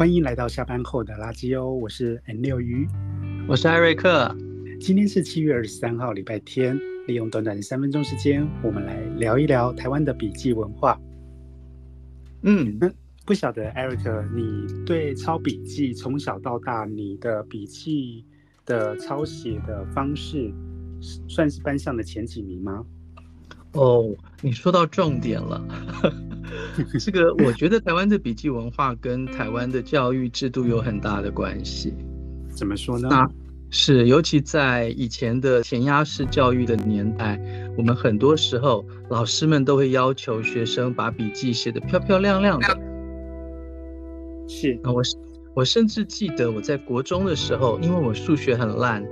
歡迎來到下班後的拉基歐，我是 N 六魚，我是艾瑞克。今天是七月二十三號，禮拜天。利用短短的三分鐘時間，我們來聊一聊台灣的筆記文化。嗯，那、嗯、不曉得艾瑞克，e、rika, 你對抄筆記從小到大，你的筆記的抄寫的方式，算是班上的前幾名嗎？哦，oh, 你說到重點了。 這個我覺得台灣的筆記文化跟台灣的教育制度有很大的關係。怎麼說呢？那，是，尤其在以前的填鴨式教育的年代，我們很多時候老師們都會要求學生把筆記寫得漂漂亮亮的。是。那我，我甚至記得我在國中的時候，因為我數學很爛，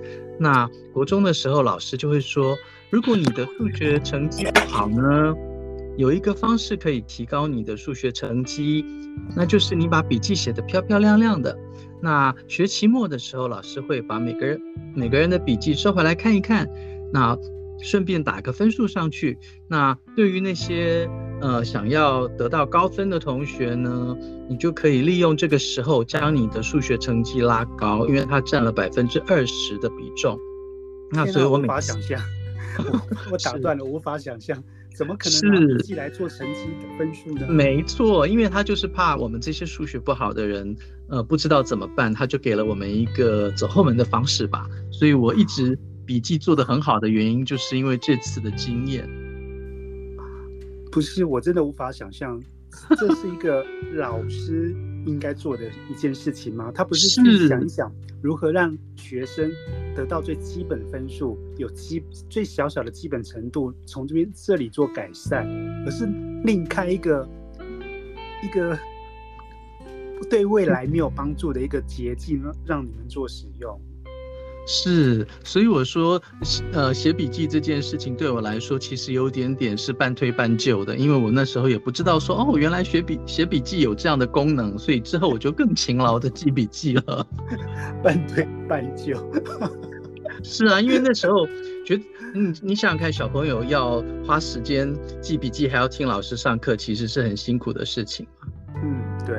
那國中的時候老師就會說，如果你的數學成績不好呢？有一個方式可以提高你的數學成績，那就是你把筆記寫得漂漂亮亮的。那學期末的時候，老師會把每個人每個人的筆記收回來看一看，那順便打個分數上去。那對於那些呃想要得到高分的同學呢，你就可以利用這個時候將你的數學成績拉高，因為它佔了百分之二十的比重。那所以我，哎，我無法想象 是我打斷了，無法想象。怎麼可能拿筆記來做成績的分數呢？沒錯，因為他就是怕我們這些數學不好的人，呃，不知道怎麼辦，他就給了我們一個走後門的方式吧。所以我一直筆記做得很好的原因，就是因為這次的經驗。不是，我真的無法想象，這是一個老師。 應該做的一件事情嗎？他不是去想想如何讓學生得到最基本分數，有基最小小的基本程度，從這邊這裡做改善，而是另開一個一個對未來沒有幫助的一個捷徑，讓你們做使用。是，所以我說，呃，寫筆記這件事情對我來說，其實有點點是半推半就的，因為我那時候也不知道說，哦，原來學筆寫筆記有這樣的功能，所以之後我就更勤勞的記筆記了，半推半就。 是啊，因為那時候覺得，嗯，你想想看，小朋友要花時間記筆記，還要聽老師上課，其實是很辛苦的事情嘛。嗯，對。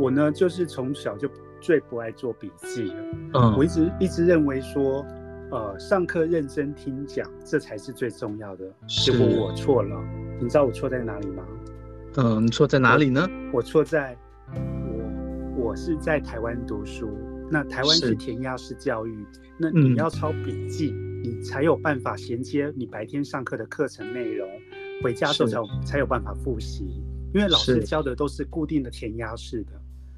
我呢，就是從小就，最不愛做筆記了。嗯，我一直一直認為說，呃，上課認真聽講，這才是最重要的。是。結果我錯了，你知道我錯在哪裡嗎？嗯，你錯在哪裡呢？我錯在，我我是在台灣讀書，那台灣是填鴨式教育，是那你要抄筆記，嗯。你才有辦法銜接你白天上課的課程內容，回家之後才有辦法複習，是因為老師教的都是固定的填鴨式的。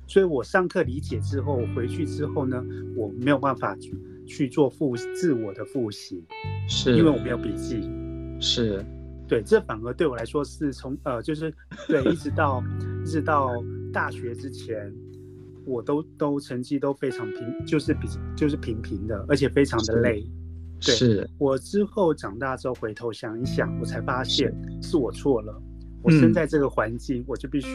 所以我上課理解之後，回去之後呢，我沒有辦法去，去做復自我的複習，是，因為我沒有筆記。是，對，這反而對我來說是從呃，就是對，一直到 一直到大學之前，我都都成績都非常平，就是比就是平平的，而且非常的累。對，是我之後長大之後回頭想一想，我才發現是我錯了。我身在這個環境，嗯、我就必須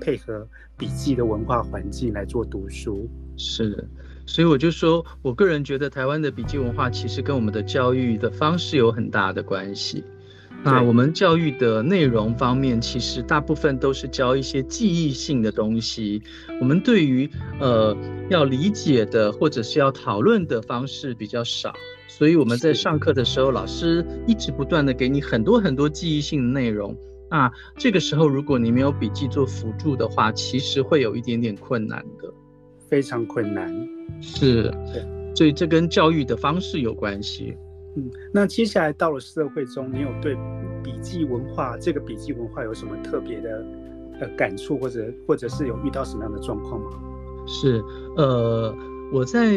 配合筆記的文化環境來做讀書。是的，所以我就說，我個人覺得台灣的筆記文化其實跟我們的教育的方式有很大的關係。對那我們教育的內容方面，其實大部分都是教一些記憶性的東西。我們對於呃，要理解的或者是要討論的方式比較少，所以我們在上課的時候，是老師一直不斷的給你很多很多記憶性的內容。那、啊、這個時候，如果你沒有筆記做輔助的話，其實會有一點點困難的，非常困難。是，對所以這跟教育的方式有關係。嗯，那接下來到了社會中，你有對筆記文化這個筆記文化有什麼特別的感觸，或者或者是有遇到什麼樣的狀況嗎？是，呃。我在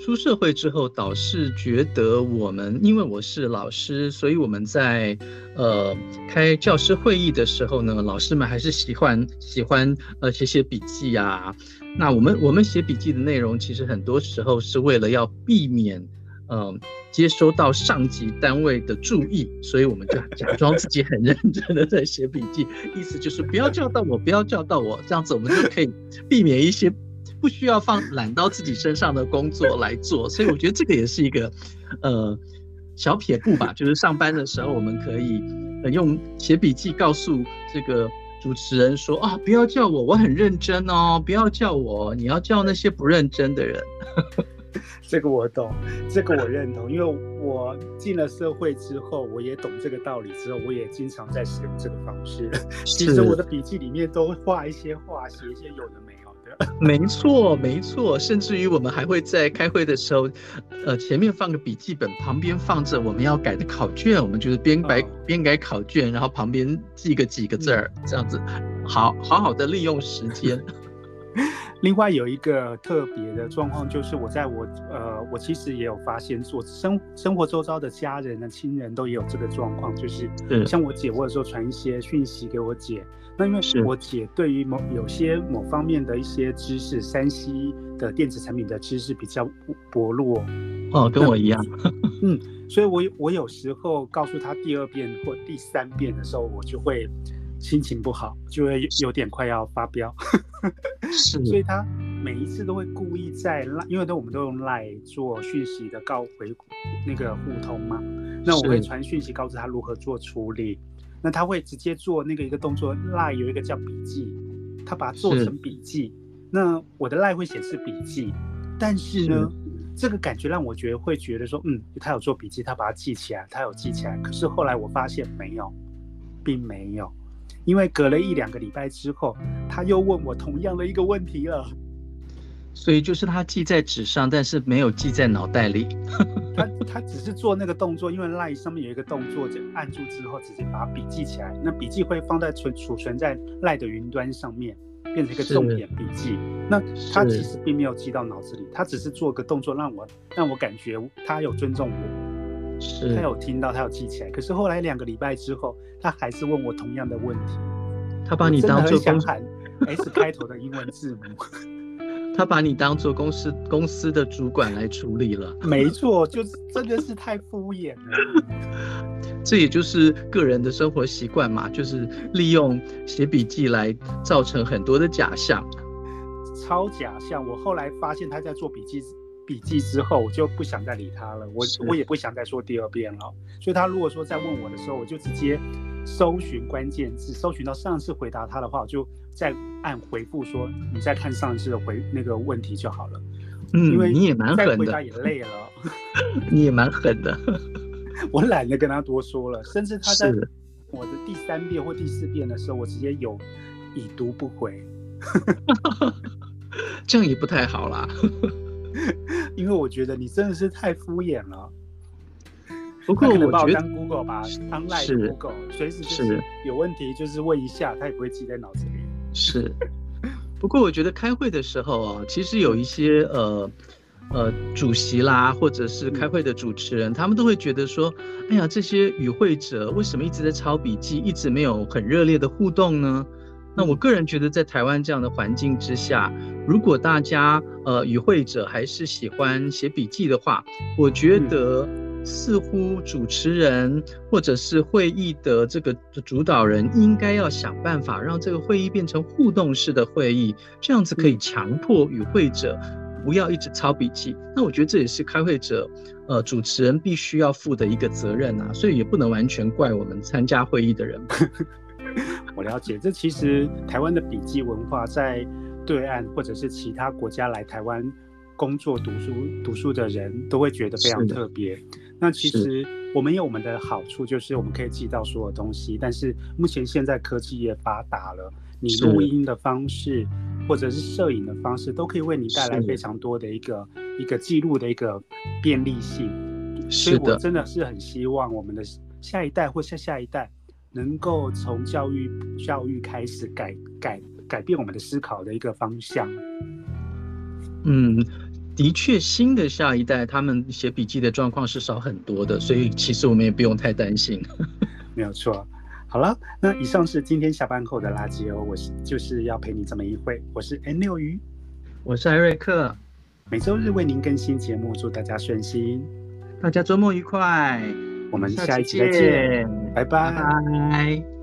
出社會之後，倒是覺得我們，因為我是老師，所以我們在，呃，開教師會議的時候呢，老師們還是喜歡喜歡呃寫寫筆記呀、啊。那我們我們寫筆記的內容，其實很多時候是為了要避免，呃接收到上級單位的注意，所以我們就假裝自己很認真的在寫筆記， 意思就是不要叫到我，不要叫到我，這樣子我們就可以避免一些。不需要放攬到自己身上的工作來做，所以我覺得這個也是一個，呃，小撇步吧。就是上班的時候，我們可以、呃、用寫筆記告訴這個主持人說：“啊，不要叫我，我很認真哦，不要叫我，你要叫那些不認真的人。 ”這個我懂，這個我認同，因為我進了社會之後，我也懂這個道理之後，我也經常在使用這個方式。其實我的筆記裡面都會畫一些畫，寫一些有的沒的。沒錯，沒錯，甚至於我們還會在開會的時候，呃，前面放個筆記本，旁邊放着我們要改的考卷，我們就是邊改邊改考卷，然後旁邊記個幾個字兒，嗯、這樣子，好好好的利用時間。 另外有一個特別的狀況，就是我在我呃，我其實也有發現，做生生活周遭的家人呢、親人都也有這個狀況，就是像我姐，或者說傳一些訊息給我姐，是那因為是我姐對於某有些某方面的一些知識，3C 的電子產品的知識比較薄弱，哦，跟我一樣，那 嗯，所以我我有時候告訴她第二遍或第三遍的時候，我就會。心情不好就會有，有點快要發飆， 是，所以他每一次都會故意在賴，因為都我們都用賴做訊息的告回那個互通嘛，那我會傳訊息告訴他如何做處理，是那他會直接做那個一個動作，賴有一個叫筆記，他把它做成筆記，是那我的賴會顯示筆記，但是呢，是這個感覺讓我覺得會覺得說，嗯，他有做筆記，他把它記起來，他有記起來，可是後來我發現沒有，並沒有。因為隔了一兩個禮拜之後，他又問我同樣的一個問題了。所以就是他記在紙上，但是沒有記在腦袋裡。 他他只是做那個動作，因為賴上面有一個動作，就按住之後直接把筆記起來。那筆記會放在存儲存，在賴的雲端上面，變成一個重點筆記。是那他其實並沒有記到腦子裡，他只是做個動作，讓我讓我感覺他有尊重我，是他有聽到，他有記起來。可是後來兩個禮拜之後，他還是問我同樣的問題，他把你當做公 S, S 開頭的英文字母， 他把你當做公司公司的主管來處理了。沒錯，就是、真的是太敷衍了。 這也就是個人的生活習慣嘛，就是利用寫筆記來造成很多的假象，超假象。我後來發現他在做筆記筆記之後，我就不想再理他了，我是我也不想再說第二遍了。所以他如果說再問我的時候，我就直接，搜尋關鍵字，只搜尋到上次回答他的話，我就再按回復說：“你再看上次的回那個問題就好了。”嗯，因為你也蠻狠的，再回答也累了、嗯。你也蠻狠的，也狠的 我懶得跟他多說了。甚至他在我的第三遍或第四遍的時候，我直接有已讀不回。 這樣也不太好啦， 因為我覺得你真的是太敷衍了。不過我覺得 Google 把 online 的 Google，隨時就是有問題，就是問一下，是他也不會記在腦子裡。是。不過我覺得開會的時候啊，其實有一些呃呃主席啦，或者是開會的主持人，嗯、他們都會覺得說，哎呀，這些與會者為什麼一直在抄筆記，一直沒有很熱烈的互動呢？嗯、那我個人覺得，在台灣這樣的環境之下，如果大家呃與會者還是喜歡寫筆記的話，我覺得。嗯似乎主持人或者是會議的這個主導人應該要想辦法讓這個會議變成互動式的會議，這樣子可以強迫與會者不要一直抄筆記。那我覺得這也是開會者呃主持人必須要負的一個責任啊，所以也不能完全怪我們參加會議的人。我了解，這其實台灣的筆記文化在對岸或者是其他國家來台灣工作讀書讀書的人都會覺得非常特別。那其實我們有我們的好處，就是我們可以記到所有東西。是的。但是目前現在科技也發達了，你錄音的方式或者是攝影的方式，都可以為你帶來非常多的一個的一個記錄的一個便利性。是的。所以我真的是很希望我們的下一代或下下一代，能夠從教育教育開始改改改變我們的思考的一個方向。嗯。的確，新的下一代他們寫筆記的狀況是少很多的，所以其實我們也不用太擔心。 沒有錯。好了，那以上是今天下班後的拉基歐，我是就是要陪你這麼一會。我是 Neil 魚我是艾瑞克，每周日為您更新節目，嗯，祝大家順心，大家周末愉快，我們下一期再見，見拜拜。拜拜。